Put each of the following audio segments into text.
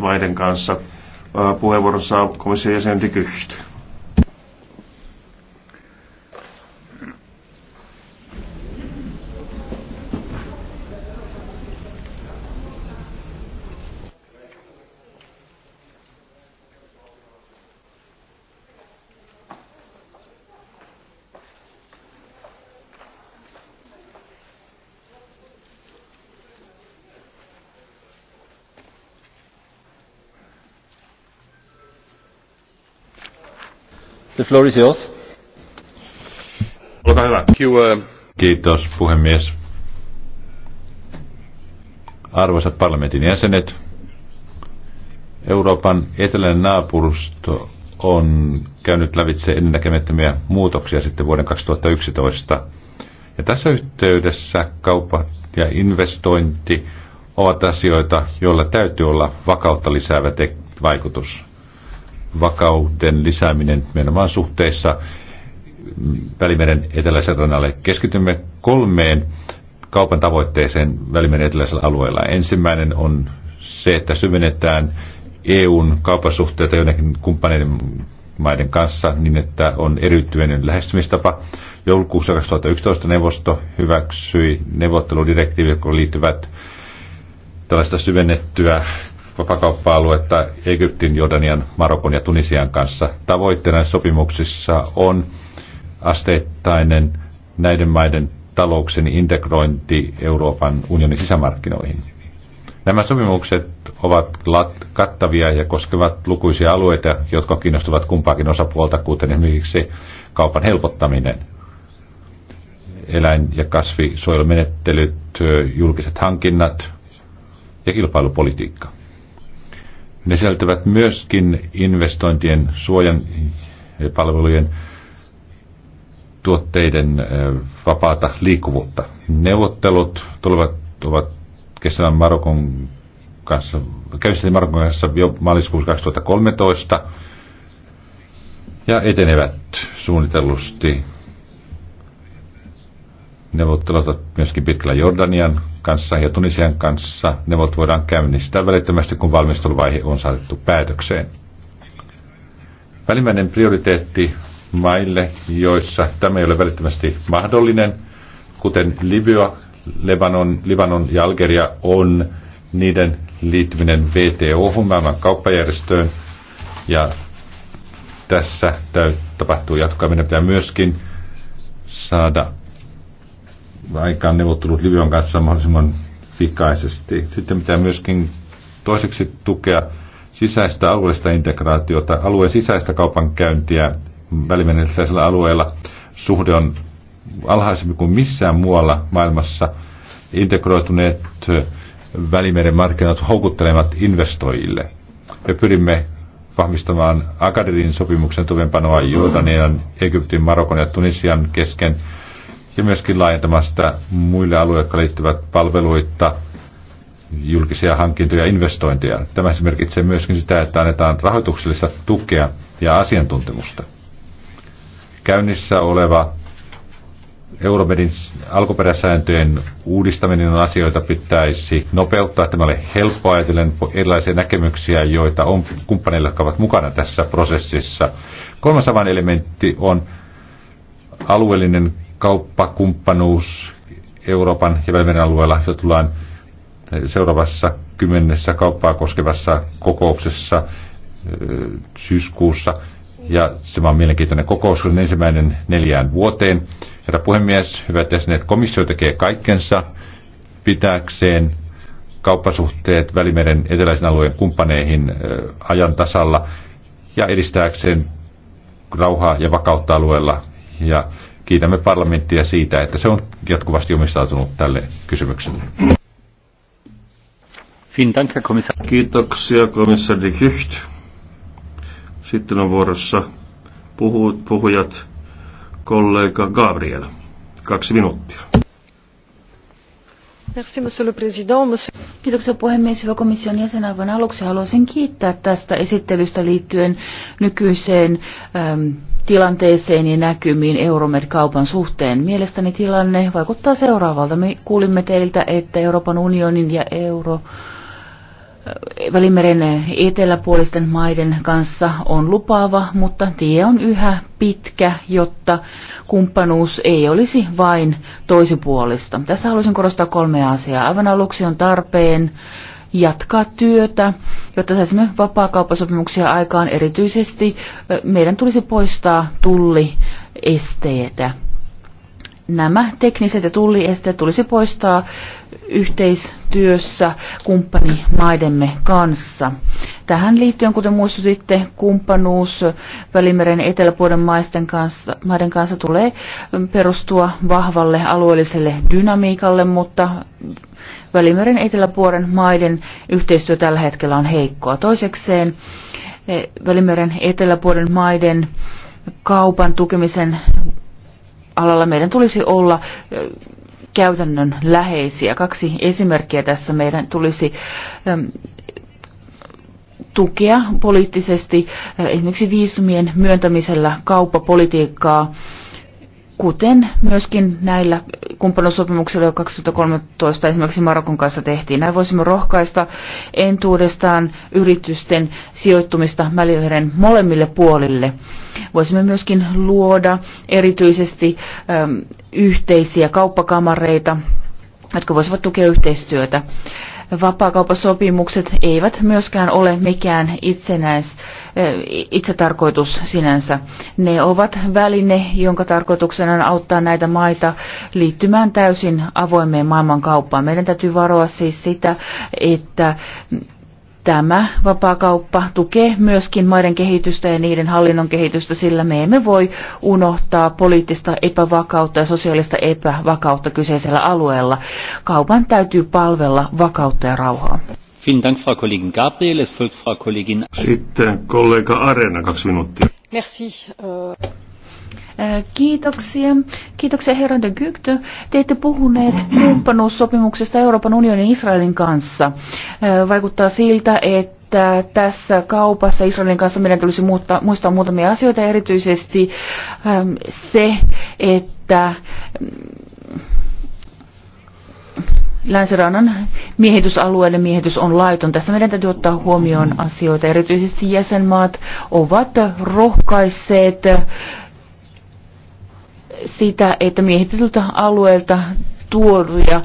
maiden kanssa. Puheenvuorossa on komission jäsen Dikyht. Olkaa hyvä. Uh, Kiitos puhemies. Arvoisat parlamentin jäsenet, Euroopan eteläinen naapurusto on käynyt lävitse ennennäkemättömiä muutoksia sitten vuoden 2011. Ja tässä yhteydessä kauppa ja investointi ovat asioita, joilla täytyy olla vakautta lisäävä vaikutus vakauden lisääminen nimenomaan suhteessa Välimeren eteläisellä rannalle. Keskitymme kolmeen kaupan tavoitteeseen Välimeren eteläisellä alueella. Ensimmäinen on se, että syvennetään EUn kaupasuhteita joidenkin kumppaneiden maiden kanssa niin, että on eriyttyinen lähestymistapa. Joulukuussa 2011 neuvosto hyväksyi neuvotteludirektiivit, jotka liittyvät tällaista syvennettyä vapakauppa-aluetta Egyptin, Jordanian, Marokon ja Tunisian kanssa. Tavoitteena sopimuksissa on asteittainen näiden maiden talouksen integrointi Euroopan unionin sisämarkkinoihin. Nämä sopimukset ovat kattavia ja koskevat lukuisia alueita, jotka kiinnostavat kumpaakin osapuolta, kuten esimerkiksi kaupan helpottaminen, eläin- ja kasvisuojelumenettelyt, julkiset hankinnat ja kilpailupolitiikka. Ne sisältävät myöskin investointien suojan eh, palvelujen tuotteiden eh, vapaata liikkuvuutta. Neuvottelut tulevat, ovat kestävän Marokon kanssa, käynnistettiin Marokon kanssa jo maaliskuussa 2013 ja etenevät suunnitellusti. Neuvottelut ovat myöskin pitkällä Jordanian kanssa ja Tunisian kanssa. Ne voidaan käynnistää välittömästi, kun valmisteluvaihe on saatettu päätökseen. Välimmäinen prioriteetti maille, joissa tämä ei ole välittömästi mahdollinen, kuten Libya, Lebanon, Libanon ja Algeria, on niiden liittyminen VTO, maailman kauppajärjestöön, ja tässä tapahtuu jatkaminen. Pitää myöskin saada aikaan neuvottelut Libyan kanssa mahdollisimman pikaisesti. Sitten pitää myöskin toiseksi tukea sisäistä alueellista integraatiota, alueen sisäistä kaupankäyntiä välimenellisellä alueella. Suhde on alhaisempi kuin missään muualla maailmassa. Integroituneet eh, välimeren markkinat houkuttelevat investoijille. Me pyrimme vahvistamaan Agadirin sopimuksen tuvenpanoa Jordanian, Egyptin, Marokon ja Tunisian kesken – ja myöskin laajentamasta muille alueille, jotka liittyvät palveluita, julkisia hankintoja ja investointeja. Tämä siis merkitsee myöskin sitä, että annetaan rahoituksellista tukea ja asiantuntemusta. Käynnissä oleva Euromedin alkuperäsääntöjen uudistaminen on asioita pitäisi nopeuttaa. Tämä oli helppo ajatellen erilaisia näkemyksiä, joita on kumppaneilla, jotka ovat mukana tässä prosessissa. Kolmas avainelementti on alueellinen kauppakumppanuus Euroopan ja Välimeren alueella, jota tullaan seuraavassa kymmenessä kauppaa koskevassa kokouksessa syyskuussa. Ja se on mielenkiintoinen kokous, on ensimmäinen neljään vuoteen. Herra puhemies, hyvät jäsenet, komissio tekee kaikkensa pitääkseen kauppasuhteet Välimeren eteläisen alueen kumppaneihin ajan tasalla ja edistääkseen rauhaa ja vakautta alueella ja Kiitämme parlamenttia siitä, että se on jatkuvasti omistautunut tälle kysymykselle. Kiitoksia komissari Kyht. Sitten on vuorossa puhujat, puhujat kollega Gabriel. Kaksi minuuttia. Kiitoksia puhemies. Hyvä komission jäsen, aivan aluksi haluaisin kiittää tästä esittelystä liittyen nykyiseen ähm, tilanteeseen ja näkymiin Euromed-kaupan suhteen. Mielestäni tilanne vaikuttaa seuraavalta. Me kuulimme teiltä, että Euroopan unionin ja euro eh, Välimeren eteläpuolisten maiden kanssa on lupaava, mutta tie on yhä pitkä, jotta kumppanuus ei olisi vain toisipuolista. Tässä haluaisin korostaa kolme asiaa. Aivan aluksi on tarpeen jatkaa työtä, jotta saisimme vapaakauppasopimuksia aikaan erityisesti. Meidän tulisi poistaa tulliesteitä. Nämä tekniset ja tulliesteet tulisi poistaa yhteistyössä kumppanimaidemme kanssa. Tähän liittyen, kuten muistutitte, kumppanuus Välimeren eteläpuolen maisten kanssa, maiden kanssa tulee perustua vahvalle alueelliselle dynamiikalle, mutta Välimeren eteläpuolen maiden yhteistyö tällä hetkellä on heikkoa. Toisekseen eh, Välimeren eteläpuolen maiden kaupan tukemisen alalla meidän tulisi olla eh, käytännön läheisiä. Kaksi esimerkkiä tässä meidän tulisi eh, tukea poliittisesti esimerkiksi viisumien myöntämisellä kauppapolitiikkaa kuten myöskin näillä kumppanuussopimuksilla, jo 2013 esimerkiksi Marokon kanssa tehtiin. Näin voisimme rohkaista entuudestaan yritysten sijoittumista Välimeren molemmille puolille. Voisimme myöskin luoda erityisesti äm, yhteisiä kauppakamareita, jotka voisivat tukea yhteistyötä vapaakauppasopimukset eivät myöskään ole mikään itsenäis, itsetarkoitus sinänsä. Ne ovat väline, jonka tarkoituksena on auttaa näitä maita liittymään täysin avoimeen maailmankauppaan. Meidän täytyy varoa siis sitä, että Tämä vapaakauppa tukee myöskin maiden kehitystä ja niiden hallinnon kehitystä, sillä me emme voi unohtaa poliittista epävakautta ja sosiaalista epävakautta kyseisellä alueella. Kaupan täytyy palvella vakautta ja rauhaa. Sitten kollega Arena, kaksi minuuttia. Merci. Euh, Kiitoksia. Kiitoksia herra de Gygtö. Te ette puhuneet kumppanuussopimuksesta Euroopan unionin Israelin kanssa. Vaikuttaa siltä, että että tässä kaupassa Israelin kanssa meidän tulisi muuttaa, muistaa muutamia asioita, erityisesti se, että länsirannan miehitysalueiden miehitys on laiton. Tässä meidän täytyy ottaa huomioon asioita. Erityisesti jäsenmaat ovat rohkaisseet äh, sitä, että miehitetyltä alueelta tuoduja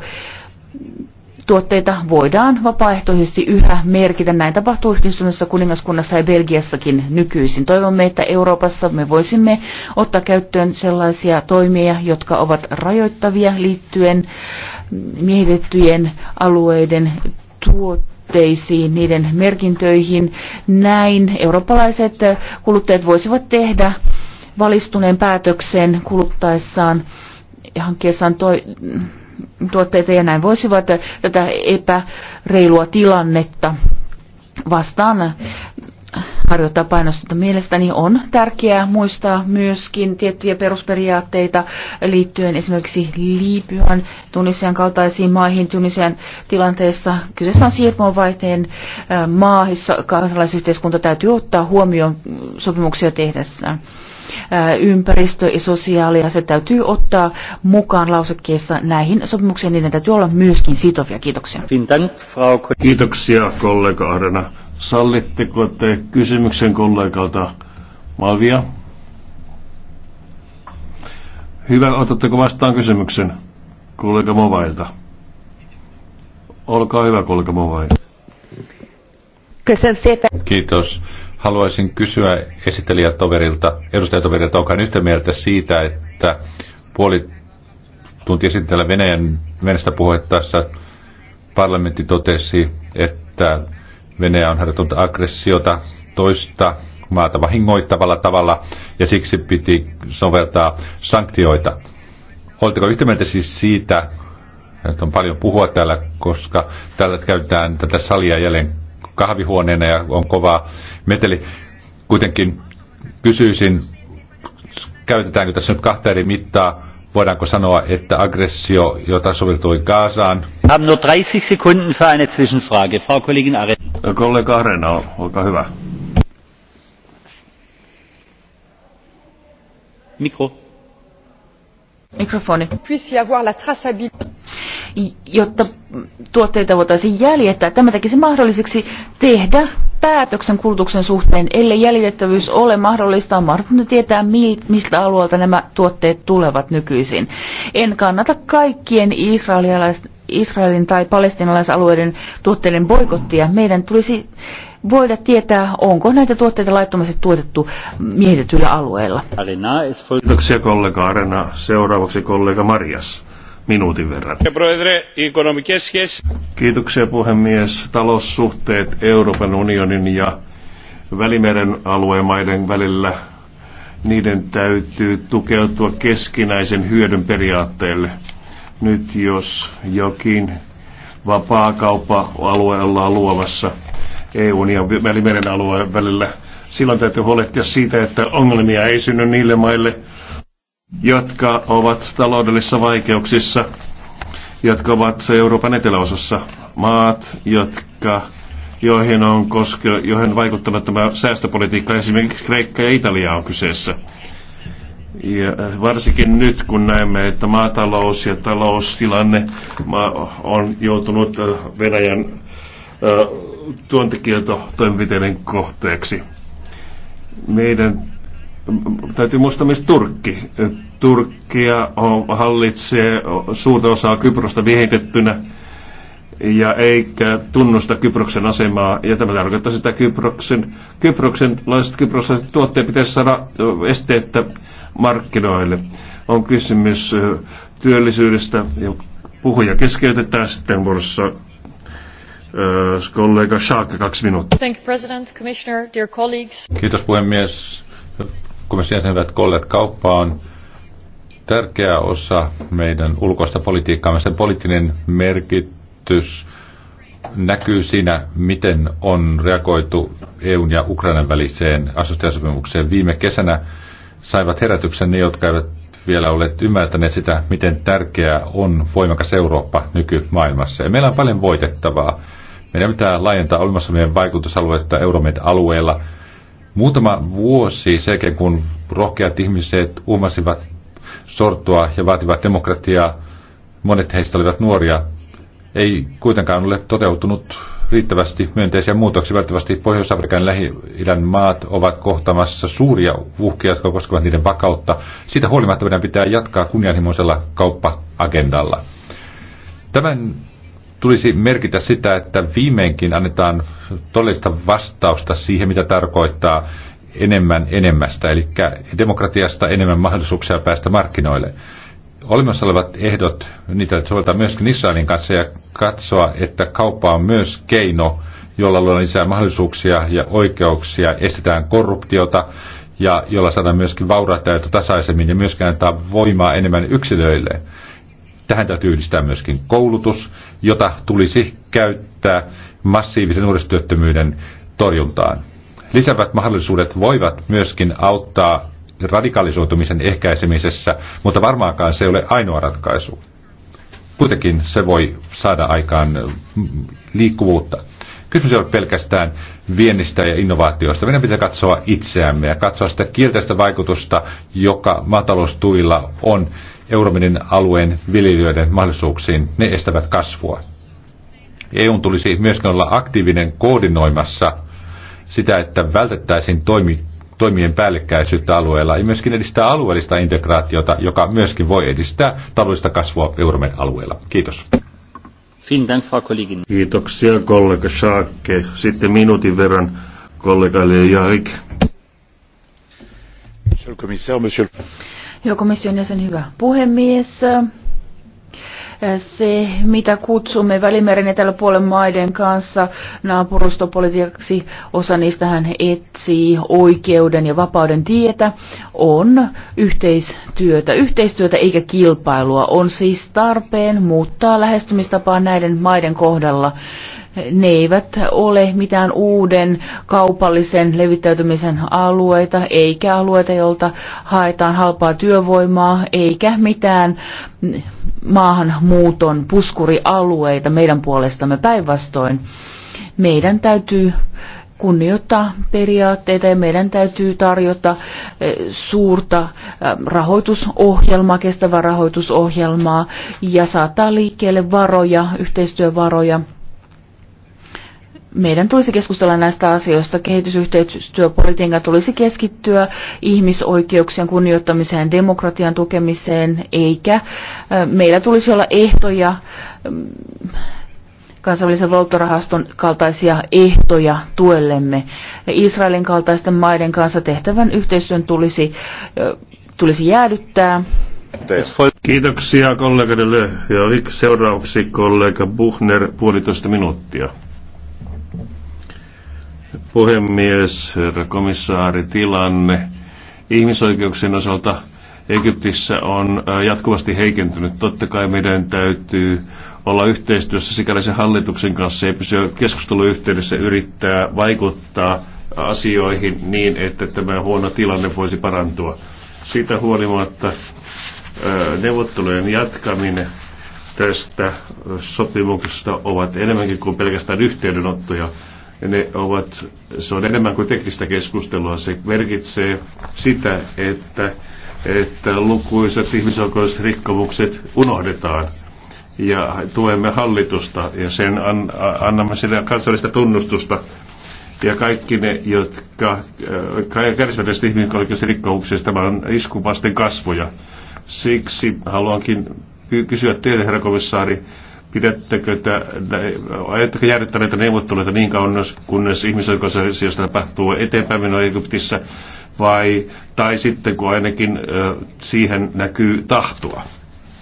tuotteita voidaan vapaaehtoisesti yhä merkitä. Näin tapahtuu yhdistyneessä kuningaskunnassa ja Belgiassakin nykyisin. Toivomme, että Euroopassa me voisimme ottaa käyttöön sellaisia toimia, jotka ovat rajoittavia liittyen miehitettyjen alueiden tuotteisiin, niiden merkintöihin. Näin eurooppalaiset kuluttajat voisivat tehdä valistuneen päätöksen kuluttaessaan ja hankkiessaan toi, tuotteita ja näin voisivat tätä epäreilua tilannetta vastaan harjoittaa painostusta. Mielestäni on tärkeää muistaa myöskin tiettyjä perusperiaatteita liittyen esimerkiksi Liibyan, Tunisian kaltaisiin maihin. Tunisian tilanteessa kyseessä on siirtoonvaihteen maa, jossa kansalaisyhteiskunta täytyy ottaa huomioon sopimuksia tehdessään ympäristö ja sosiaali, ja se täytyy ottaa mukaan lausekkeessa näihin sopimuksiin, niin ne täytyy olla myöskin sitovia. Kiitoksia. Kiitoksia kollega Arena. Sallitteko te kysymyksen kollegalta Malvia? Hyvä, otatteko vastaan kysymyksen kollega Movailta? Olkaa hyvä, kollega Movail. Kiitos. Haluaisin kysyä esittelijätoverilta, edustajatoverilta, onko hän yhtä mieltä siitä, että puoli tuntia sitten täällä Venäjän Venäjästä puhettaessa parlamentti totesi, että Venäjä on harjoittanut aggressiota toista maata vahingoittavalla tavalla ja siksi piti soveltaa sanktioita. Oletteko yhtä mieltä siis siitä, että on paljon puhua täällä, koska täällä käytetään tätä salia jälleen kahvihuoneena ja on kova meteli. Kuitenkin kysyisin, käytetäänkö tässä nyt kahta eri mittaa, voidaanko sanoa, että aggressio, jota soveltui Gaasaan... Haben nur 30 Sekunden für eine Zwischenfrage. Frau Kollegin Arena. Kollega Arena, olkaa hyvä. Mikro. Mikrofoni. Puisi avoir la traçabilité jotta tuotteita voitaisiin jäljittää. Tämä tekisi mahdolliseksi tehdä päätöksen kulutuksen suhteen, ellei jäljitettävyys ole mahdollista, on mahdotonta tietää, mistä alueelta nämä tuotteet tulevat nykyisin. En kannata kaikkien Israelin tai palestinalaisalueiden tuotteiden boikottia. Meidän tulisi voida tietää, onko näitä tuotteita laittomasti tuotettu miehitetyillä alueilla. Kiitoksia kollega Arena. Seuraavaksi kollega Marias minuutin verran. Kiitoksia puhemies. Taloussuhteet Euroopan unionin ja Välimeren alueen maiden välillä, niiden täytyy tukeutua keskinäisen hyödyn periaatteelle. Nyt jos jokin vapaa kauppa alueella on luomassa EUn ja Välimeren alueen välillä, silloin täytyy huolehtia siitä, että ongelmia ei synny niille maille, jotka ovat taloudellisissa vaikeuksissa, jotka ovat Euroopan eteläosassa. Maat, jotka, joihin on koske, joihin vaikuttanut tämä säästöpolitiikka, esimerkiksi Kreikka ja Italia on kyseessä. Ja varsinkin nyt, kun näemme, että maatalous ja taloustilanne on joutunut äh, Venäjän äh, tuontikieltotoimenpiteiden kohteeksi. Meidän täytyy muistaa myös Turkki. Turkkia hallitsee suurta osaa Kyprosta viehitettynä ja eikä tunnusta Kyproksen asemaa. Ja tämä tarkoittaa sitä, että Kyproksen, kyproksenlaiset kyprokselaiset tuotteet pitäisi saada esteettä markkinoille. On kysymys työllisyydestä ja puhuja keskeytetään sitten vuorossa kollega Schaake kaksi minuuttia. Thank you, President, Commissioner, dear colleagues. Kiitos puhemies, komission jäsenet kollegat, kauppa on tärkeä osa meidän ulkoista politiikkaa. Sen poliittinen merkitys näkyy siinä, miten on reagoitu EUn ja Ukrainan väliseen asustajasopimukseen. Viime kesänä saivat herätyksen ne, jotka eivät vielä olet ymmärtäneet sitä, miten tärkeää on voimakas Eurooppa nykymaailmassa. Ja meillä on paljon voitettavaa. Meidän pitää laajentaa olemassa meidän vaikutusaluetta Euromed-alueella – Muutama vuosi sekin, kun rohkeat ihmiset uumasivat sortoa ja vaativat demokratiaa, monet heistä olivat nuoria, ei kuitenkaan ole toteutunut riittävästi myönteisiä muutoksia. Välttävästi Pohjois-Afrikan lähi-idän maat ovat kohtamassa suuria uhkia, jotka koskevat niiden vakautta. Siitä huolimatta meidän pitää jatkaa kunnianhimoisella kauppa-agendalla. Tämän tulisi merkitä sitä, että viimeinkin annetaan todellista vastausta siihen, mitä tarkoittaa enemmän enemmästä, eli demokratiasta enemmän mahdollisuuksia päästä markkinoille. Olemassa olevat ehdot, niitä soveltaa myöskin Israelin kanssa ja katsoa, että kauppa on myös keino, jolla luodaan lisää mahdollisuuksia ja oikeuksia, estetään korruptiota ja jolla saadaan myöskin vaurautta ja tasaisemmin ja myöskin antaa voimaa enemmän yksilöille. Tähän täytyy yhdistää myöskin koulutus, jota tulisi käyttää massiivisen nuorisotyöttömyyden torjuntaan. Lisävät mahdollisuudet voivat myöskin auttaa radikalisoitumisen ehkäisemisessä, mutta varmaankaan se ei ole ainoa ratkaisu. Kuitenkin se voi saada aikaan mm, liikkuvuutta. Kysymys ei ole pelkästään viennistä ja innovaatioista. Meidän pitää katsoa itseämme ja katsoa sitä kielteistä vaikutusta, joka maataloustuilla on Euroopan alueen viljelijöiden mahdollisuuksiin. Ne estävät kasvua. EUn tulisi myöskin olla aktiivinen koordinoimassa sitä, että vältettäisiin toimi, toimien päällekkäisyyttä alueella ja myöskin edistää alueellista integraatiota, joka myöskin voi edistää taloudellista kasvua Euroopan alueella. Kiitos. Kiitoksia kollega Schaakke. Sitten minuutin verran kollegalle Jarik. Monsieur le commissaire, monsieur... Joo, komission jäsen, hyvä puhemies, se, mitä kutsumme Välimeren eteläpuolen maiden kanssa naapurustopolitiikaksi, osa niistä hän etsii oikeuden ja vapauden tietä, on yhteistyötä. Yhteistyötä eikä kilpailua on siis tarpeen muuttaa lähestymistapaa näiden maiden kohdalla ne eivät ole mitään uuden kaupallisen levittäytymisen alueita, eikä alueita, jolta haetaan halpaa työvoimaa, eikä mitään maahanmuuton puskurialueita meidän puolestamme päinvastoin. Meidän täytyy kunnioittaa periaatteita ja meidän täytyy tarjota eh, suurta eh, rahoitusohjelmaa, kestävää rahoitusohjelmaa ja saattaa liikkeelle varoja, yhteistyövaroja meidän tulisi keskustella näistä asioista. Kehitysyhteistyöpolitiikan tulisi keskittyä ihmisoikeuksien kunnioittamiseen, demokratian tukemiseen, eikä meillä tulisi olla ehtoja, kansainvälisen valtorahaston kaltaisia ehtoja tuellemme. Israelin kaltaisten maiden kanssa tehtävän yhteistyön tulisi, tulisi jäädyttää. Kiitoksia kollegalle. Seuraavaksi kollega Buchner puolitoista minuuttia puhemies, herra komissaari, tilanne ihmisoikeuksien osalta Egyptissä on äh, jatkuvasti heikentynyt. Totta kai meidän täytyy olla yhteistyössä sikäläisen hallituksen kanssa ja pysyä keskusteluyhteydessä yrittää vaikuttaa asioihin niin, että tämä huono tilanne voisi parantua. Siitä huolimatta äh, neuvottelujen jatkaminen tästä sopimuksesta ovat enemmänkin kuin pelkästään yhteydenottoja ne ovat, se on enemmän kuin teknistä keskustelua. Se merkitsee sitä, että, että lukuisat ihmisoikeusrikkomukset unohdetaan ja tuemme hallitusta ja sen an, annamme sille kansallista tunnustusta. Ja kaikki ne, jotka äh, kärsivät näistä ihmisoikeusrikkouksista, tämä on iskuvasten kasvoja. Siksi haluankin kysyä teille, herra komissaari, Pidättekö te, ajatteko näitä neuvotteluita niin kauan, kunnes ihmisoikeusasioista tapahtuu eteenpäin minua Egyptissä, vai, tai sitten kun ainakin siihen näkyy tahtoa?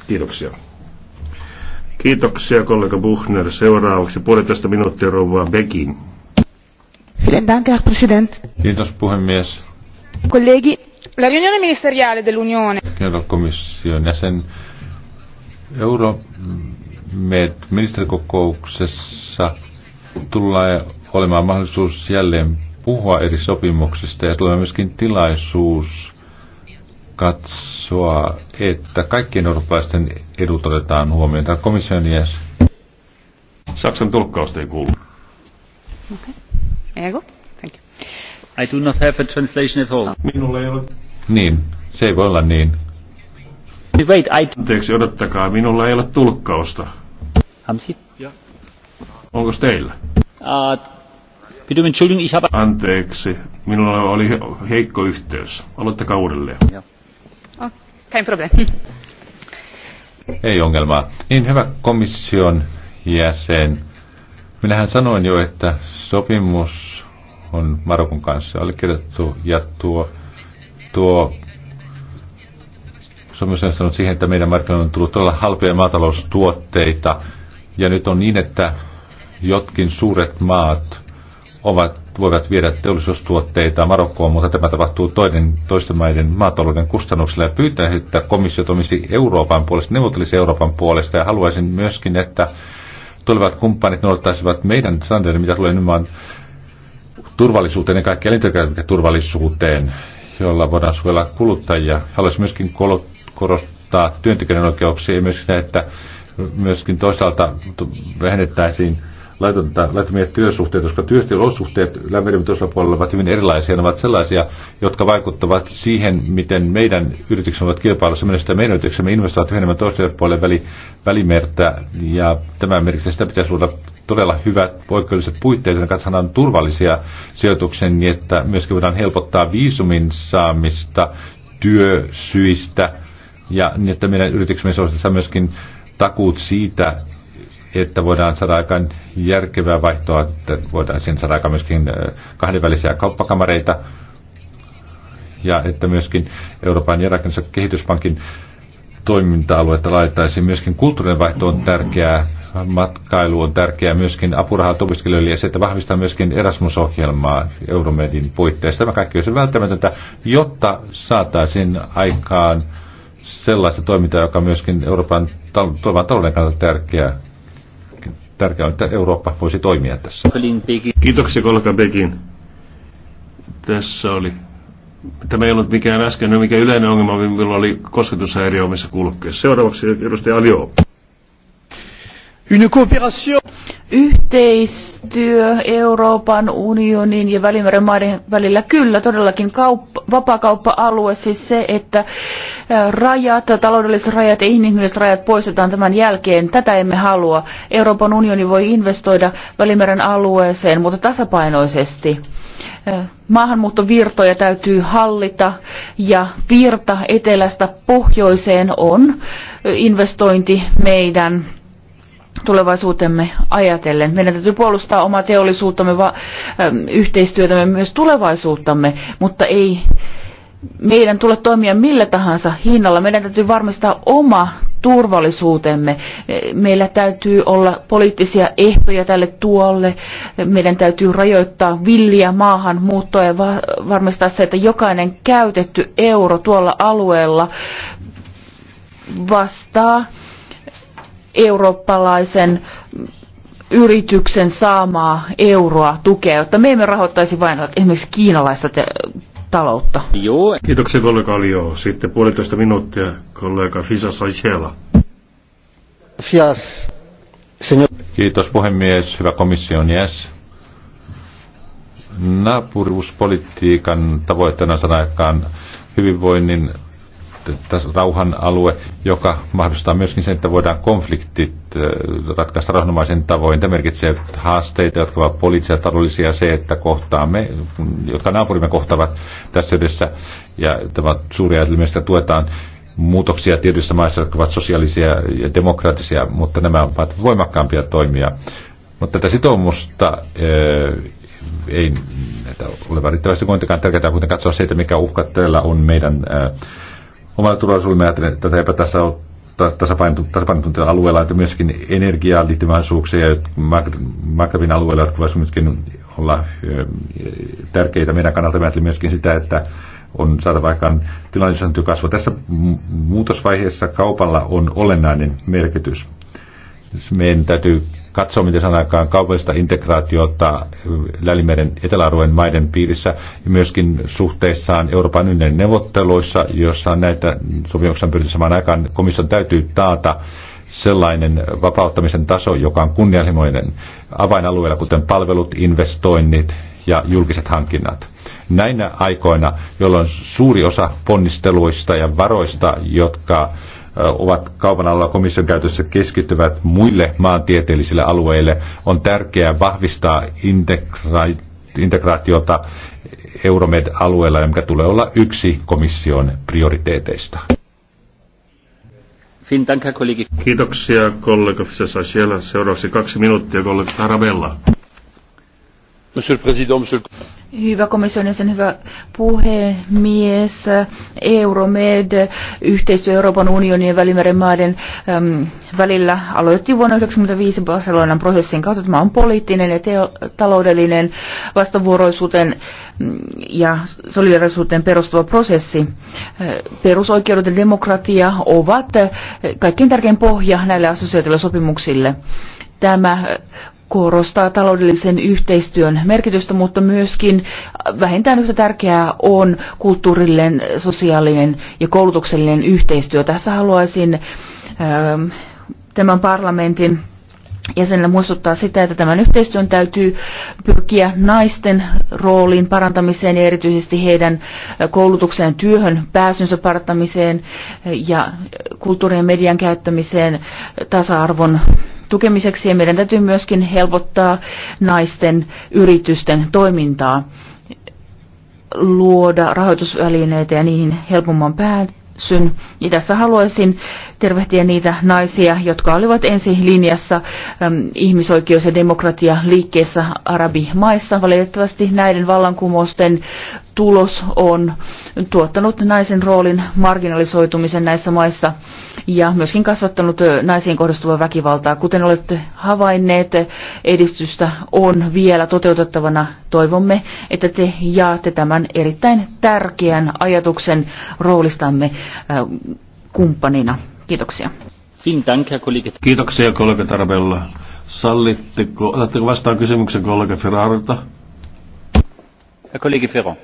Kiitoksia. Kiitoksia kollega Buchner. Seuraavaksi puolitoista minuuttia rouvaa Bekin. Kiitos puhemies. Kollegi, la riunione ministeriale dell'Unione. Kiitos komission jäsen. Euro med ministerikokouksessa tulee olemaan mahdollisuus jälleen puhua eri sopimuksista ja tulee myöskin tilaisuus katsoa, että kaikkien eurooppalaisten edut otetaan huomioon. Tämä komission jäs. Saksan tulkkausta ei kuulu. Okay. Ego? Thank you. I do not have a translation at all. Minulla ei ole. Niin, se ei voi olla niin. Wait, I... Anteeksi, odottakaa, minulla ei ole tulkkausta. Hamsi? Onko teillä? Uh, um, ich habe... Anteeksi, minulla oli heikko yhteys. Aloittakaa uudelleen. Ja. Oh, kein problem. Ei ongelmaa. Niin, hyvä komission jäsen. Minähän sanoin jo, että sopimus on Marokon kanssa allekirjoitettu ja tuo, tuo se on myös johtanut siihen, että meidän markkinoilla on tullut todella halpoja maataloustuotteita. Ja nyt on niin, että jotkin suuret maat ovat, voivat viedä teollisuustuotteita Marokkoon, mutta tämä tapahtuu toinen, toisten maiden maatalouden kustannuksella. Ja pyytän, että komissio toimisi Euroopan puolesta, neuvottelisi Euroopan puolesta. Ja haluaisin myöskin, että tulevat kumppanit noudattaisivat meidän standardeja, mitä tulee nimenomaan turvallisuuteen ja kaikkea elintarviketurvallisuuteen, jolla voidaan suojella kuluttajia. Haluaisin myöskin korostaa työntekijän oikeuksia ja myöskin, että myöskin toisaalta vähennettäisiin laitonta, laitomia työsuhteita, koska työolosuhteet lämmöiden toisella puolella ovat hyvin erilaisia. Ne ovat sellaisia, jotka vaikuttavat siihen, miten meidän yrityksemme ovat kilpailussa menestyä. Meidän yrityksemme investoivat enemmän toisella puolella väli, välimertä, ja tämä merkitsee sitä pitäisi luoda todella hyvät poikkeukselliset puitteet, jotka saadaan turvallisia sijoituksia, niin että myöskin voidaan helpottaa viisumin saamista työsyistä – ja niin, että meidän yrityksemme suosittaa myöskin takuut siitä, että voidaan saada aikaan järkevää vaihtoa, että voidaan siinä saada aikaan myöskin kahdenvälisiä kauppakamareita ja että myöskin Euroopan ja kehityspankin toiminta-aluetta laitettaisiin. Myöskin kulttuurinen vaihto on tärkeää, matkailu on tärkeää, myöskin apurahat opiskelijoille ja se, että vahvistaa myöskin Erasmus-ohjelmaa Euromedin puitteissa. Tämä kaikki on välttämätöntä, jotta saataisiin aikaan sellaista toimintaa, joka myöskin Euroopan tulevan talouden kannalta tärkeää. Tärkeää on, että Eurooppa voisi toimia tässä. Kiitoksia kollega Begin. Tässä oli. Tämä ei ollut mikään äsken, no mikä yleinen ongelma, millä oli kosketushäiriö omissa kulkeissa. Seuraavaksi edustaja Alio. Une coopération yhteistyö Euroopan unionin ja Välimeren maiden välillä. Kyllä, todellakin kauppa, vapakauppa-alue, siis se, että rajat, taloudelliset rajat ja ihmiset rajat poistetaan tämän jälkeen. Tätä emme halua. Euroopan unioni voi investoida Välimeren alueeseen, mutta tasapainoisesti maahanmuuttovirtoja täytyy hallita ja virta etelästä pohjoiseen on investointi meidän tulevaisuutemme ajatellen. Meidän täytyy puolustaa omaa teollisuuttamme, va, yhteistyötämme, myös tulevaisuuttamme, mutta ei meidän tule toimia millä tahansa hinnalla. Meidän täytyy varmistaa oma turvallisuutemme. Meillä täytyy olla poliittisia ehtoja tälle tuolle. Meidän täytyy rajoittaa villiä maahanmuuttoa ja varmistaa se, että jokainen käytetty euro tuolla alueella vastaa eurooppalaisen yrityksen saamaa euroa tukea, jotta me emme rahoittaisi vain esimerkiksi kiinalaista taloutta. Joo. Kiitoksia kollega Alio. Sitten puolitoista minuuttia kollega Fisa Saisela. Kiitos puhemies, hyvä komission jäs. Naapuruuspolitiikan tavoitteena on aikaan hyvinvoinnin rauhan alue, joka mahdollistaa myöskin sen, että voidaan konfliktit ratkaista rauhanomaisen tavoin. Tämä merkitsee haasteita, jotka ovat poliittisia ja taloudellisia se, että kohtaamme, jotka naapurimme kohtaavat tässä yhdessä. Ja tämä suuria ilmiöistä tuetaan muutoksia tietyissä maissa, jotka ovat sosiaalisia ja demokraattisia, mutta nämä ovat voimakkaampia toimia. Mutta tätä sitoumusta ei ole riittävästi kuitenkaan tärkeää, kuten katsoa se, että mikä uhka täällä on meidän ää, omalla turvallisuudella ajattelen tätä epätasapainotuntia alueella, että myöskin energiaan liittymäisuuksia Magrebin alueella, jotka voisivat myöskin olla tärkeitä meidän kannalta. Mä myöskin sitä, että on saada aikaan tilanne, kasvu Tässä muutosvaiheessa kaupalla on olennainen merkitys. Meidän täytyy katsoa, miten saadaan aikaan kaupallista integraatiota Lälimeren eteläalueen maiden piirissä ja myöskin suhteissaan Euroopan unionin neuvotteluissa, jossa näitä sopimuksia on pyritty samaan aikaan. Komission täytyy taata sellainen vapauttamisen taso, joka on kunnianhimoinen avainalueella, kuten palvelut, investoinnit ja julkiset hankinnat. Näinä aikoina, jolloin suuri osa ponnisteluista ja varoista, jotka ovat kaupan alalla komission käytössä keskittyvät muille maantieteellisille alueille, on tärkeää vahvistaa integra- integraatiota Euromed-alueella, jonka tulee olla yksi komission prioriteeteista. Kiitoksia kollega Sasiela. Seuraavaksi kaksi minuuttia kollega Tarabella. Monsieur le Président, monsieur le... Hyvä komission sen hyvä puhemies. Euromed, yhteistyö Euroopan unionin ja Välimeren maiden äm, välillä aloitti vuonna 1995 Barcelonan prosessin kautta. Tämä on poliittinen ja teo, taloudellinen vastavuoroisuuteen mm, ja solidarisuuteen perustuva prosessi. Äh, perusoikeudet ja demokratia ovat äh, kaikkein tärkein pohja näille assosiaatioille sopimuksille. Tämä korostaa taloudellisen yhteistyön merkitystä, mutta myöskin vähintään yhtä tärkeää on kulttuurillinen, sosiaalinen ja koulutuksellinen yhteistyö. Tässä haluaisin ähm, tämän parlamentin jäsenellä muistuttaa sitä, että tämän yhteistyön täytyy pyrkiä naisten roolin parantamiseen ja erityisesti heidän äh, koulutukseen työhön pääsynsä parantamiseen ja kulttuurien median käyttämiseen tasa-arvon tukemiseksi ja meidän täytyy myöskin helpottaa naisten yritysten toimintaa luoda rahoitusvälineitä ja niihin helpomman pää- syyn. Ja niin tässä haluaisin tervehtiä niitä naisia, jotka olivat ensi linjassa äm, ihmisoikeus- ja demokratia liikkeessä arabimaissa. Valitettavasti näiden vallankumousten tulos on tuottanut naisen roolin marginalisoitumisen näissä maissa ja myöskin kasvattanut naisiin kohdistuvaa väkivaltaa. Kuten olette havainneet, edistystä on vielä toteutettavana. Toivomme, että te jaatte tämän erittäin tärkeän ajatuksen roolistamme Äh, kumppanina. Kiitoksia. Kiitoksia kollega Tarvella. Sallitteko, otatteko vastaan kysymyksen kollega Ferrarta? Kollega Ferro.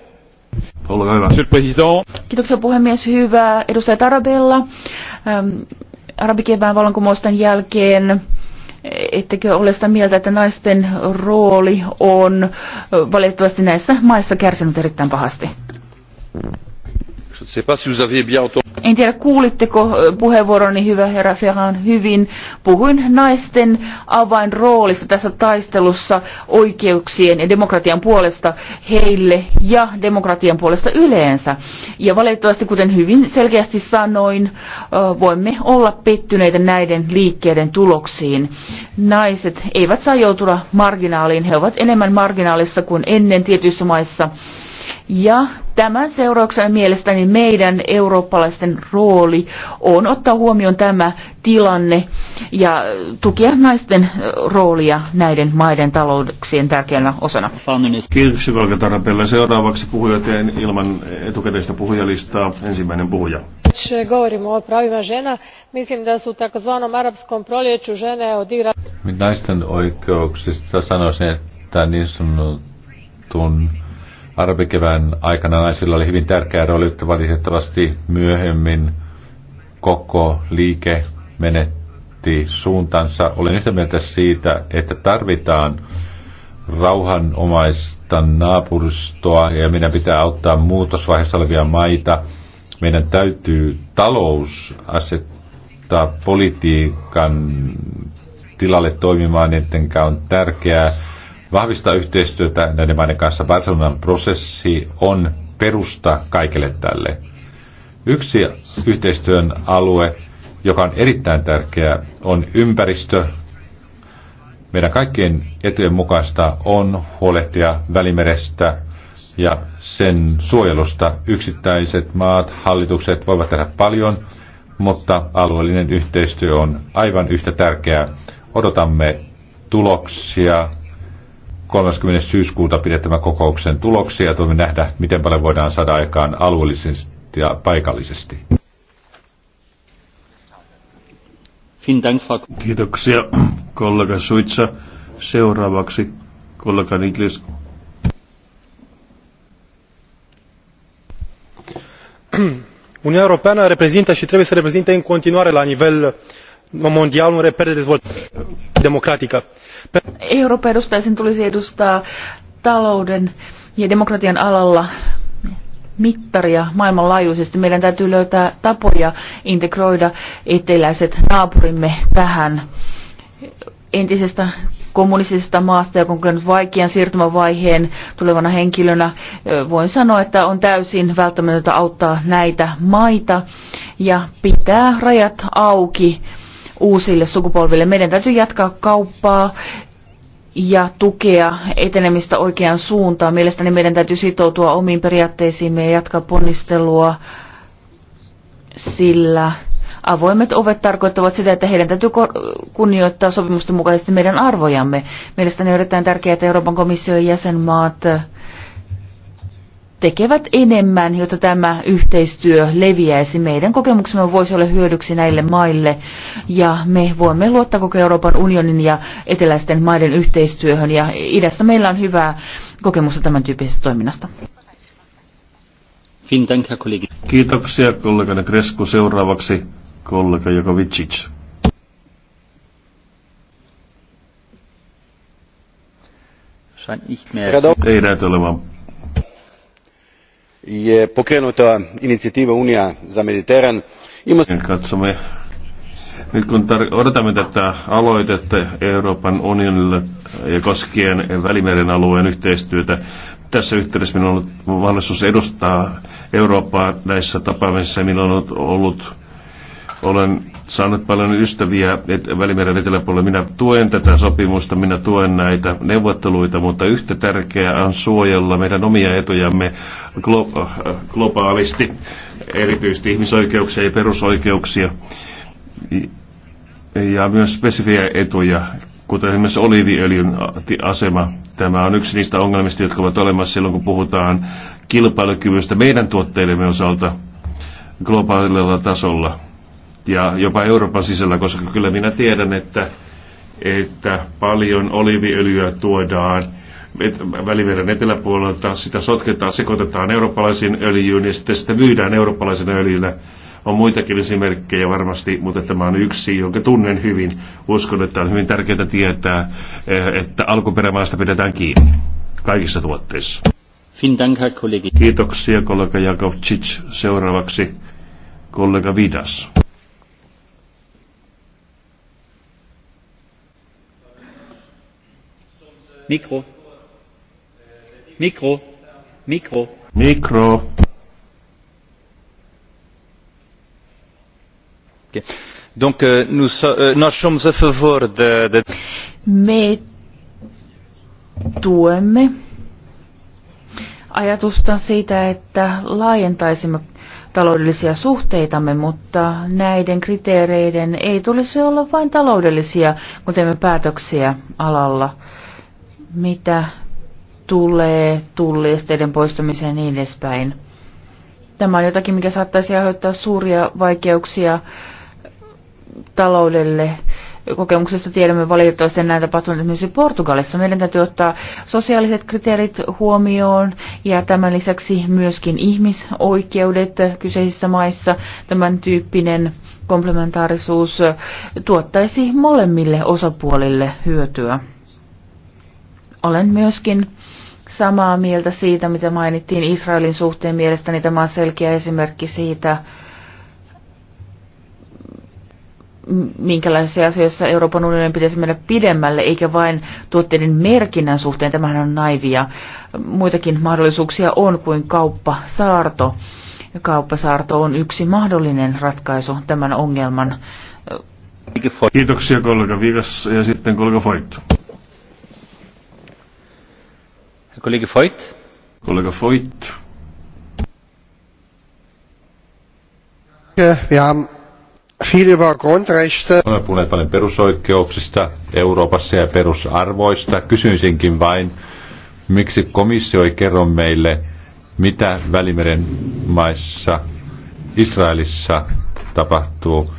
Kiitoksia puhemies. Hyvä edustaja Tarabella. Ähm, arabikevään vallankumousten jälkeen ettekö ole sitä mieltä, että naisten rooli on äh, valitettavasti näissä maissa kärsinyt erittäin pahasti? En tiedä, kuulitteko puheenvuoroni, hyvä herra Ferran, hyvin. Puhuin naisten avainroolista tässä taistelussa oikeuksien ja demokratian puolesta heille ja demokratian puolesta yleensä. Ja valitettavasti, kuten hyvin selkeästi sanoin, voimme olla pettyneitä näiden liikkeiden tuloksiin. Naiset eivät saa joutua marginaaliin. He ovat enemmän marginaalissa kuin ennen tietyissä maissa. Ja tämän seurauksena mielestäni meidän eurooppalaisten rooli on ottaa huomioon tämä tilanne ja tukea naisten roolia näiden maiden talouksien tärkeänä osana. Kiitoksia Velka Tarapelle. Seuraavaksi teen ilman etukäteistä puhujalistaa. Ensimmäinen puhuja. Naisten oikeuksista sanoisin, että niin sanotun Arabikevään aikana naisilla oli hyvin tärkeä rooli, että valitettavasti myöhemmin koko liike menetti suuntansa. Olen yhtä mieltä siitä, että tarvitaan rauhanomaista naapurustoa ja meidän pitää auttaa muutosvaiheessa olevia maita. Meidän täytyy talous asettaa politiikan tilalle toimimaan, ettenkään on tärkeää vahvistaa yhteistyötä näiden maiden kanssa. Barcelonan prosessi on perusta kaikelle tälle. Yksi yhteistyön alue, joka on erittäin tärkeä, on ympäristö. Meidän kaikkien etujen mukaista on huolehtia välimerestä ja sen suojelusta. Yksittäiset maat, hallitukset voivat tehdä paljon, mutta alueellinen yhteistyö on aivan yhtä tärkeää. Odotamme tuloksia 30. syyskuuta pidettävän kokouksen tuloksia ja voimme nähdä, miten paljon voidaan saada aikaan alueellisesti ja paikallisesti. Kiitoksia kollega Suitsa. Seuraavaksi kollega Niklis. Uniunea Europeană reprezintă și trebuie să reprezinte în continuare la nivel mondial un reper de dezvoltare democratică. Eurooppa tulisi edustaa talouden ja demokratian alalla mittaria maailmanlaajuisesti. Meidän täytyy löytää tapoja integroida eteläiset naapurimme tähän entisestä kommunistisesta maasta, joka on käynyt vaikean siirtymävaiheen tulevana henkilönä. Voin sanoa, että on täysin välttämätöntä auttaa näitä maita ja pitää rajat auki uusille sukupolville. Meidän täytyy jatkaa kauppaa ja tukea etenemistä oikeaan suuntaan. Mielestäni meidän täytyy sitoutua omiin periaatteisiimme ja jatkaa ponnistelua, sillä avoimet ovet tarkoittavat sitä, että heidän täytyy kunnioittaa sopimusten mukaisesti meidän arvojamme. Mielestäni on erittäin tärkeää, että Euroopan komission jäsenmaat tekevät enemmän, jotta tämä yhteistyö leviäisi. Meidän kokemuksemme voisi olla hyödyksi näille maille ja me voimme luottaa koko Euroopan unionin ja eteläisten maiden yhteistyöhön ja idässä meillä on hyvää kokemusta tämän tyyppisestä toiminnasta. Kiitoksia kollegana Kresku. Seuraavaksi kollega Jokovicic. Ei näytä olevan je pokrenuta inicijativa unija za mediteran katsomme nyt kun odotamme tätä aloitetta Euroopan unionille ja koskien Välimeren alueen yhteistyötä, tässä yhteydessä minulla on ollut mahdollisuus edustaa Eurooppaa näissä tapaamisissa. Minulla on ollut olen saanut paljon ystäviä et, Välimeren eteläpuolella. Minä tuen tätä sopimusta, minä tuen näitä neuvotteluita, mutta yhtä tärkeää on suojella meidän omia etujamme glo, globaalisti, erityisesti ihmisoikeuksia ja perusoikeuksia ja myös spesifiä etuja, kuten esimerkiksi oliiviöljyn asema. Tämä on yksi niistä ongelmista, jotka ovat olemassa silloin, kun puhutaan kilpailukyvystä meidän tuotteidemme osalta globaalilla tasolla ja jopa Euroopan sisällä, koska kyllä minä tiedän, että, että paljon oliviöljyä tuodaan Välimeren eteläpuolelta, sitä sotketaan, sekoitetaan eurooppalaisiin öljyyn ja sitten sitä myydään eurooppalaisena öljynä. On muitakin esimerkkejä varmasti, mutta tämä on yksi, jonka tunnen hyvin. Uskon, että on hyvin tärkeää tietää, eh, että alkuperämaasta pidetään kiinni kaikissa tuotteissa. Kiitoksia kollega Jakovčić. Seuraavaksi kollega Vidas. Mikro. Mikro. Mikro. Mikro. Donc euh, nous, euh, de... Me tuemme ajatusta siitä, että laajentaisimme taloudellisia suhteitamme, mutta näiden kriteereiden ei tulisi olla vain taloudellisia, kun teemme päätöksiä alalla mitä tulee tulliesteiden poistamiseen ja niin edespäin. Tämä on jotakin, mikä saattaisi aiheuttaa suuria vaikeuksia taloudelle. Kokemuksesta tiedämme valitettavasti näitä tapahtunut esimerkiksi Portugalissa. Meidän täytyy ottaa sosiaaliset kriteerit huomioon ja tämän lisäksi myöskin ihmisoikeudet kyseisissä maissa. Tämän tyyppinen komplementaarisuus tuottaisi molemmille osapuolille hyötyä. Olen myöskin samaa mieltä siitä, mitä mainittiin Israelin suhteen. Mielestäni tämä on selkeä esimerkki siitä, minkälaisissa asioissa Euroopan unionin pitäisi mennä pidemmälle, eikä vain tuotteiden merkinnän suhteen. Tämähän on naivia. Muitakin mahdollisuuksia on kuin kauppasaarto. Kauppasaarto on yksi mahdollinen ratkaisu tämän ongelman. Kiitoksia kollega Vigas ja sitten kollega Foyt. Kollega Voigt. Kollega Voigt. Wir haben viel über Grundrechte. Olemme puhuneet paljon perusoikeuksista Euroopassa ja perusarvoista. Kysyisinkin vain, miksi komissio ei kerro meille, mitä Välimeren maissa Israelissa tapahtuu.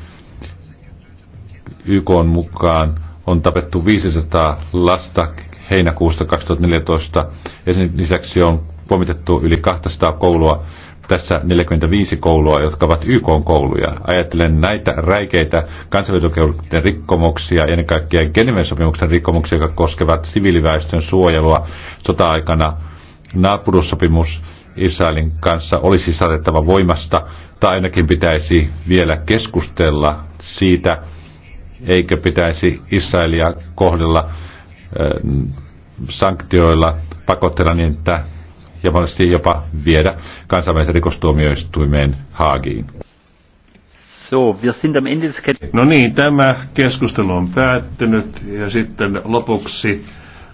YK on mukaan on tapettu 500 lasta heinäkuusta 2014. Ja lisäksi on pommitettu yli 200 koulua, tässä 45 koulua, jotka ovat YK-kouluja. Ajattelen näitä räikeitä kansainvälisen rikkomuksia, ennen kaikkea Geneven sopimuksen rikkomuksia, jotka koskevat siviiliväestön suojelua sota-aikana. Naapurussopimus Israelin kanssa olisi saatettava voimasta, tai ainakin pitäisi vielä keskustella siitä, eikö pitäisi Israelia kohdella sanktioilla, pakotteilla niin, että ja mahdollisesti jopa viedä kansainvälisen rikostuomioistuimeen Haagiin. no niin, tämä keskustelu on päättynyt ja sitten lopuksi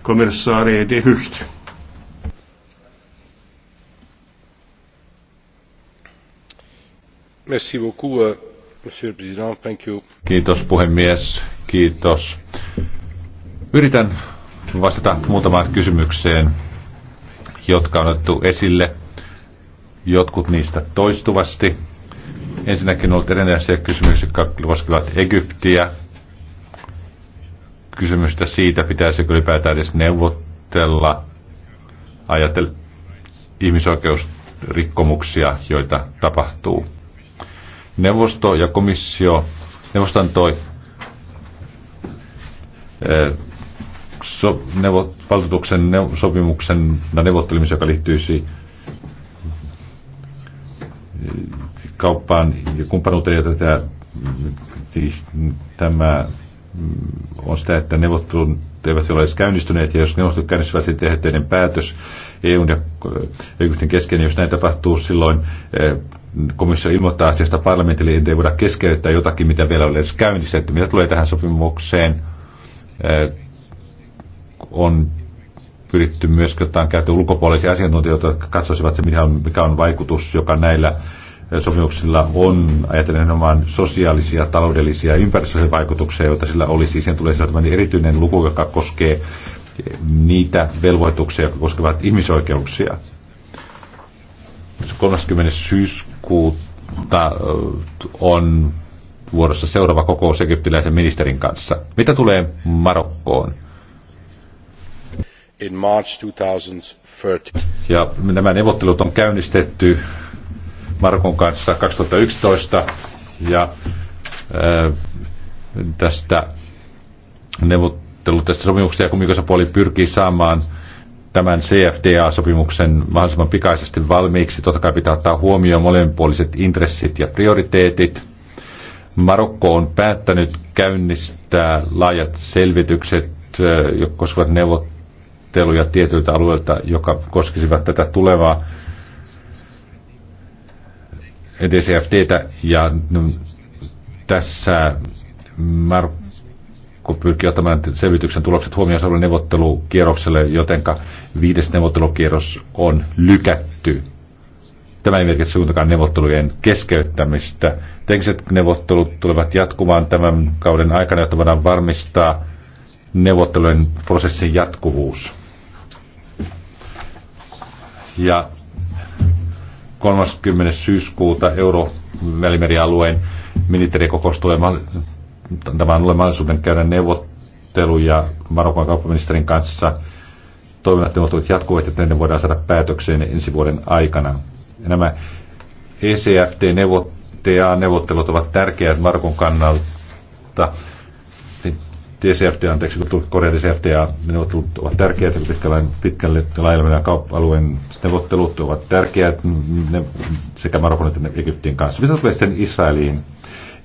komissaari de Hycht. Merci beaucoup, euh, monsieur le président. Thank you. Kiitos puhemies, kiitos Yritän vastata muutamaan kysymykseen, jotka on otettu esille. Jotkut niistä toistuvasti. Ensinnäkin on ollut erinäisiä kysymyksiä, jotka koskevat Egyptiä. Kysymystä siitä, pitäisikö ylipäätään edes neuvotella ajatella ihmisoikeusrikkomuksia, joita tapahtuu. Neuvosto ja komissio, neuvosto antoi eh, so, neuvo, valtuutuksen ne, sopimuksen neuvottelemisen, joka liittyisi eh, kauppaan ja kumppanuuteen ja tätä, siis tämä mm, on sitä, että neuvottelut eivät ole edes käynnistyneet, ja jos neuvottelut käynnistyvät, niin tehdään päätös EUn ja eh, Egyptin kesken, jos näin tapahtuu, silloin eh, komissio ilmoittaa asiasta parlamentille, että ei voida keskeyttää jotakin, mitä vielä ei ole edes käynnistetty. Mitä tulee tähän sopimukseen, on pyritty myös, että on käyty ulkopuolisia asiantuntijoita, jotka katsoisivat se, mikä on, mikä on vaikutus, joka näillä eh, sopimuksilla on, ajatellen oman sosiaalisia, taloudellisia ja vaikutuksia, joita sillä olisi. Siihen tulee sellainen niin erityinen luku, joka koskee niitä velvoituksia, jotka koskevat ihmisoikeuksia. 30. syyskuuta eh, on vuorossa seuraava kokous egyptiläisen ministerin kanssa. Mitä tulee Marokkoon? in March Ja nämä neuvottelut on käynnistetty Markon kanssa 2011 ja äh, tästä neuvottelut tästä sopimuksesta ja kumikosa puoli pyrkii saamaan tämän CFDA-sopimuksen mahdollisimman pikaisesti valmiiksi. Totta kai pitää ottaa huomioon molemminpuoliset intressit ja prioriteetit. Marokko on päättänyt käynnistää laajat selvitykset, äh, jotka koskevat neuvot suunnitteluja tietyiltä alueilta, joka koskisivat tätä tulevaa e DCFDtä. Ja tässä Marko pyrkii ottamaan selvityksen tulokset huomioon seuraavalle neuvottelukierrokselle, jotenka viides neuvottelukierros on lykätty. Tämä ei merkitse suuntakaan neuvottelujen keskeyttämistä. Tekniset neuvottelut tulevat jatkumaan tämän kauden aikana, jotta voidaan varmistaa neuvottelujen prosessin jatkuvuus ja 30. syyskuuta euro välimerialueen ministerikokous tulee tämä on mahdollisuuden käydä neuvotteluja Marokon kauppaministerin kanssa. Toiminnat neuvottelut jatkuvat, että ne voidaan saada päätökseen ensi vuoden aikana. Ja nämä ECFT-neuvottelut ovat tärkeät Marokon kannalta. DCFTA, anteeksi, Korean ja neuvottelut ovat tärkeät, pitkälle, pitkälle laajalla kauppa-alueen neuvottelut ovat tärkeät ne, sekä Marokon että Egyptin kanssa. Mitä tulee sitten Israeliin?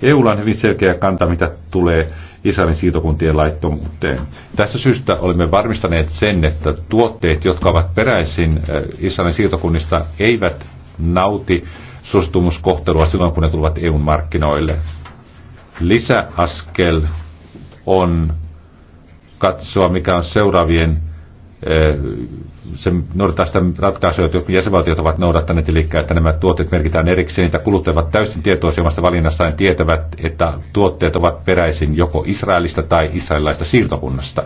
EUlla on hyvin selkeä kanta, mitä tulee Israelin siirtokuntien laittomuuteen. Tässä syystä olemme varmistaneet sen, että tuotteet, jotka ovat peräisin äh, Israelin siirtokunnista, eivät nauti suostumuskohtelua silloin, kun ne tulevat EUn markkinoille. Lisäaskel on katsoa, mikä on seuraavien eh, se noudattaa sitä ratkaisua, että jäsenvaltiot ovat noudattaneet, eli että nämä tuotteet merkitään erikseen, niitä kuluttajat täysin tietoisia omasta valinnastaan tietävät, että tuotteet ovat peräisin joko Israelista tai israelilaista siirtokunnasta.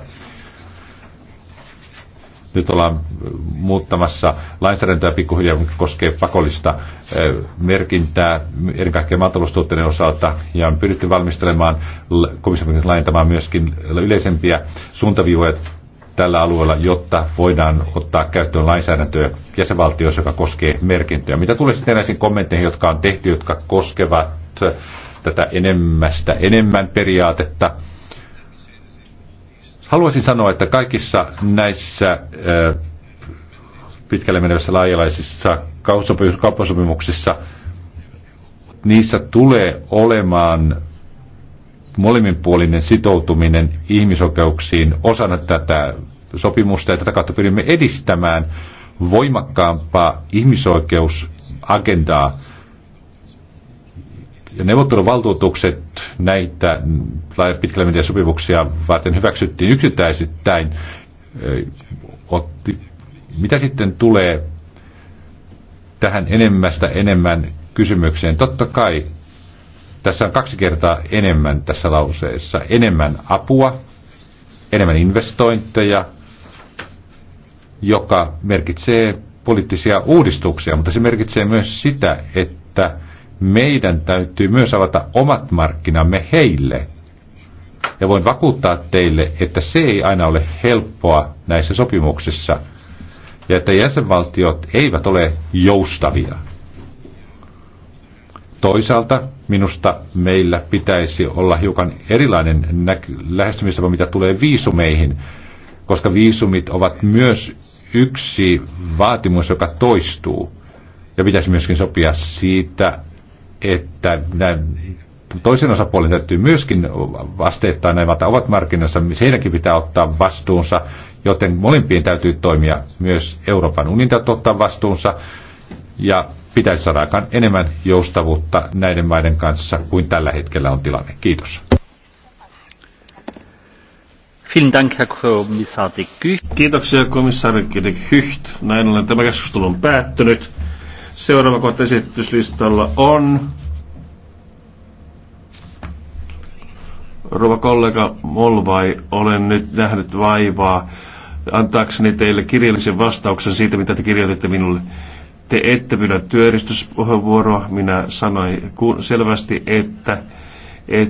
Nyt ollaan muuttamassa lainsäädäntöä pikkuhiljaa, mikä koskee pakollista merkintää eri kaikkea maataloustuotteiden osalta ja on pyritty valmistelemaan komission laajentamaan myöskin yleisempiä suuntaviivoja tällä alueella, jotta voidaan ottaa käyttöön lainsäädäntöä jäsenvaltioissa, joka koskee merkintöjä. Mitä tulee sitten näisiin kommentteihin, jotka on tehty, jotka koskevat tätä enemmästä enemmän periaatetta, Haluaisin sanoa, että kaikissa näissä pitkälle menevissä laajalaisissa kauppasopimuksissa niissä tulee olemaan molemminpuolinen sitoutuminen ihmisoikeuksiin osana tätä sopimusta ja tätä kautta pyrimme edistämään voimakkaampaa ihmisoikeusagendaa ja neuvotteluvaltuutukset näitä pitkällä media sopimuksia varten hyväksyttiin yksittäisittäin. Mitä sitten tulee tähän enemmästä enemmän kysymykseen? Totta kai tässä on kaksi kertaa enemmän tässä lauseessa. Enemmän apua, enemmän investointeja, joka merkitsee poliittisia uudistuksia, mutta se merkitsee myös sitä, että meidän täytyy myös avata omat markkinamme heille. Ja voin vakuuttaa teille, että se ei aina ole helppoa näissä sopimuksissa ja että jäsenvaltiot eivät ole joustavia. Toisaalta minusta meillä pitäisi olla hiukan erilainen lähestymistapa, mitä tulee viisumeihin, koska viisumit ovat myös yksi vaatimus, joka toistuu. Ja pitäisi myöskin sopia siitä, että toisen osapuolen täytyy myöskin asteittain näitä ovat markkinassa, heidänkin pitää ottaa vastuunsa, joten molempien täytyy toimia myös Euroopan unionin täytyy ottaa vastuunsa ja pitäisi saada aikaan enemmän joustavuutta näiden maiden kanssa kuin tällä hetkellä on tilanne. Kiitos. Kiitoksia komissaari Kyht. Näin ollen tämä keskustelu on päättynyt. Seuraava kohta esityslistalla on Rova kollega Molvai, olen nyt nähnyt vaivaa antaakseni teille kirjallisen vastauksen siitä, mitä te kirjoititte minulle. Te ette pidä työjärjestyspuheenvuoroa. Minä sanoin selvästi, että, että